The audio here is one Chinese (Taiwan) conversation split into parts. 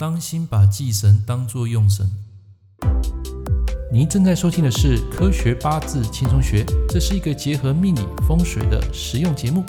當心把忌神當作用神。您正在收聽的是《科學八字輕鬆學》，這是一個結合命理風水的實用節目。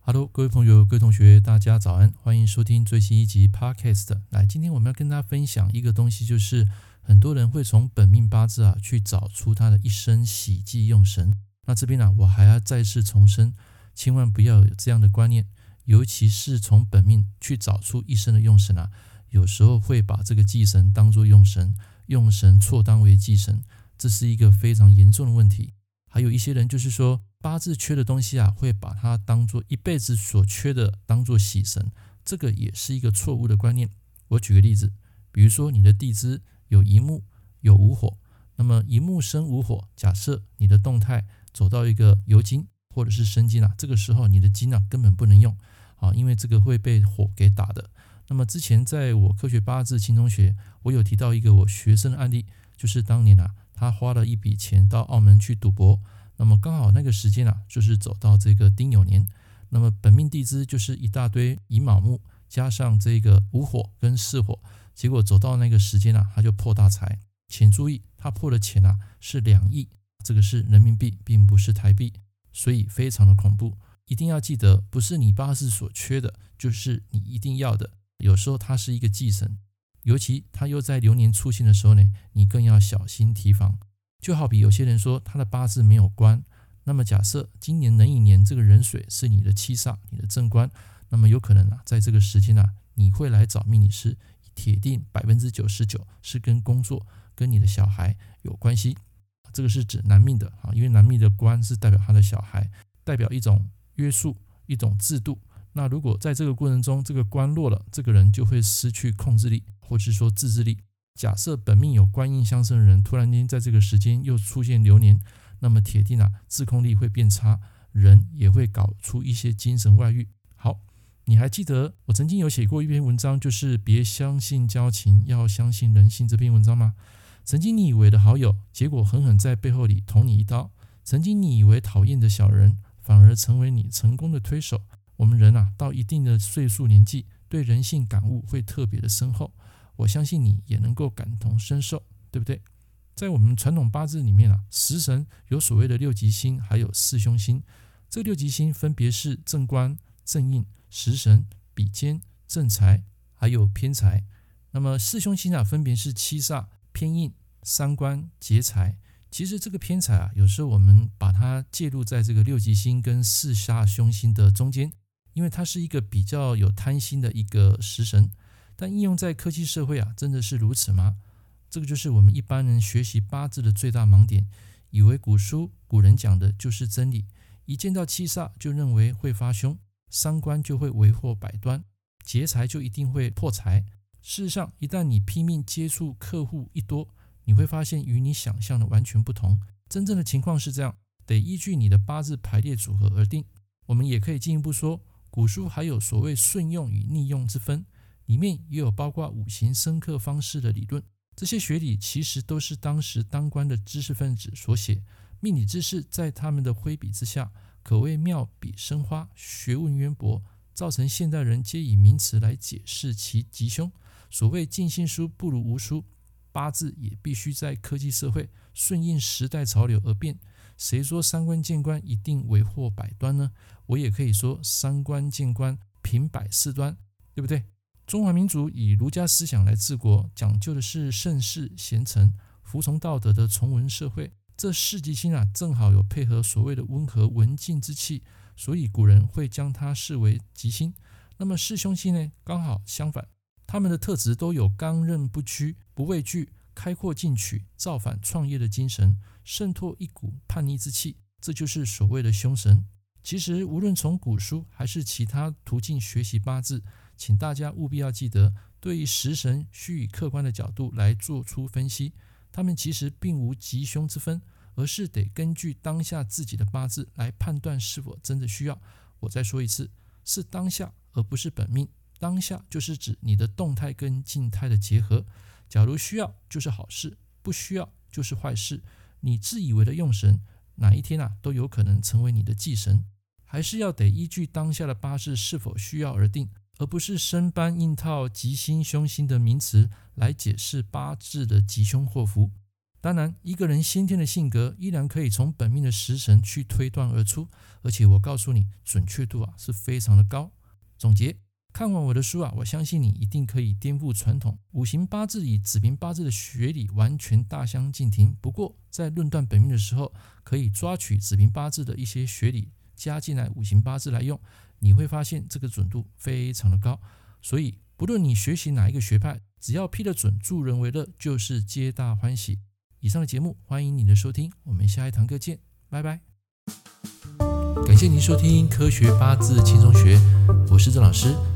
哈嘍，各位朋友、各位同學，大家早安，歡迎收聽最新一集 Podcast。來，今天我們要跟大家分享一個東西，就是很多人會從本命八字啊，去找出他的一生喜忌用神。那這邊呢、啊，我還要再次重申，千萬不要有這樣的觀念。尤其是從本命去找出一生的用神啊，有時候會把這個忌神當作用神，用神錯當為忌神，這是一個非常嚴重的問題。還有一些人就是說八字缺的東西啊，會把它當作一輩子所缺的，當作喜神，這個也是一個錯誤的觀念。我舉個例子，比如說你的地支有乙木、有午火，那麼乙木生午火，假設你的動態走到一個酉金或者是申金啊，這個時候你的金啊根本不能用。啊，因為這個會被火給打的。那麼之前在我科學八字輕鬆學，我有提到一個我學生的案例，就是當年啊，他花了一筆錢到澳門去賭博。那麼剛好那個時間啊，就是走到這個丁酉年。那麼本命地支就是一大堆寅卯木，加上這個午火跟巳火，結果走到那個時間啊，他就破大財。請注意，他破的錢啊是兩億，這個是人民幣，並不是台幣，所以非常的恐怖。一定要記得，不是你八字所缺的，就是你一定要的。有時候它是一個忌神，尤其他又在流年出現的時候呢，你更要小心提防。就好比有些人說他的八字沒有官，那麼假設今年壬寅年這個壬水是你的七煞，你的正官，那麼有可能啊，在這個時間啊，你會來找命理師，鐵定百分之九十九是跟工作跟你的小孩有關係。這個是指男命的啊，因為男命的官是代表他的小孩，代表一種。約束一種制度。那如果在這個過程中，這個官落了，這個人就會失去控制力，或是說自制力。假設本命有官印相生的人，突然間在這個時間又出現流年，那麼鐵定啊，自控力會變差，人也會搞出一些精神外遇。好，你還記得我曾經有寫過一篇文章，就是別相信交情，要相信人性這篇文章嗎？曾經你以為的好友，結果狠狠在背後裡捅你一刀；曾經你以為討厭的小人。反而成為你成功的推手。我們人啊，到一定的歲數年紀，對人性感悟會特別的深厚。我相信你也能夠感同身受，對不對？在我們傳統八字裡面啊，十神有所謂的六吉星，還有四凶星。這個、六吉星分別是正官、正印、食神、比肩、正財，還有偏財。那麼四凶星啊，分別是七煞、偏印、傷官、劫財。其實這個偏財啊，有時候我們把它介入在這個六吉星跟四煞凶星的中間，因為它是一個比較有貪心的一個食神。但應用在科技社會啊，真的是如此嗎？這個就是我們一般人學習八字的最大盲點，以為古書古人講的就是真理，一見到七煞就認為會發凶，傷官就會為禍百端，劫財就一定會破財。事實上，一旦你拼命接觸客戶一多，你會發現與你想象的完全不同。真正的情況是這樣，得依據你的八字排列組合而定。我們也可以進一步說，古書還有所謂順用與逆用之分，裡面也有包括五行生克方式的理論。這些學理其實都是當時當官的知識分子所寫，命理知識在他們的揮筆之下，可謂妙筆生花，學問淵博，造成現代人皆以名詞來解釋其吉凶。所謂盡信書，不如無書。八字也必須在科技社會順應時代潮流而變。誰說傷官見官一定為禍百端呢？我也可以說傷官見官平百事端，對不對？中華民族以儒家思想來治國，講究的是盛世賢臣、服從道德的崇文社會。這四吉星啊，正好有配合所謂的溫和文靜之氣，所以古人會將它視為吉星。那麼四凶星呢？剛好相反。他們的特質都有剛韌不屈、不畏懼、開拓進取、造反創業的精神，滲透一股叛逆之氣，這就是所謂的凶神。其實，無論從古書還是其他途徑學習八字，請大家務必要記得，對於十神，需以客觀的角度來做出分析。他們其實並無吉凶之分，而是得根據當下自己的八字來判斷是否真的需要。我再說一次，是當下，而不是本命。當下就是指你的動態跟靜態的結合。假如需要就是好事，不需要就是壞事。你自以為的用神，哪一天啊都有可能成為你的忌神。還是要得依據當下的八字是否需要而定，而不是生搬硬套吉星凶星的名詞來解釋八字的吉凶禍福。當然，一個人先天的性格依然可以從本命的十神去推斷而出，而且我告訴你，準確度啊是非常的高。總結。看完我的書啊，我相信你一定可以顛覆傳統。五行八字與子平八字的學理完全大相徑庭。不過在論斷本命的時候，可以抓取子平八字的一些學理加進來五行八字來用，你會發現這個準度非常的高。所以不論你學習哪一個學派，只要批得準，助人為樂就是皆大歡喜。以上的節目歡迎你的收聽，我們下一堂課見，拜拜。感謝您收聽《科學八字輕鬆學》，我是鄭老師。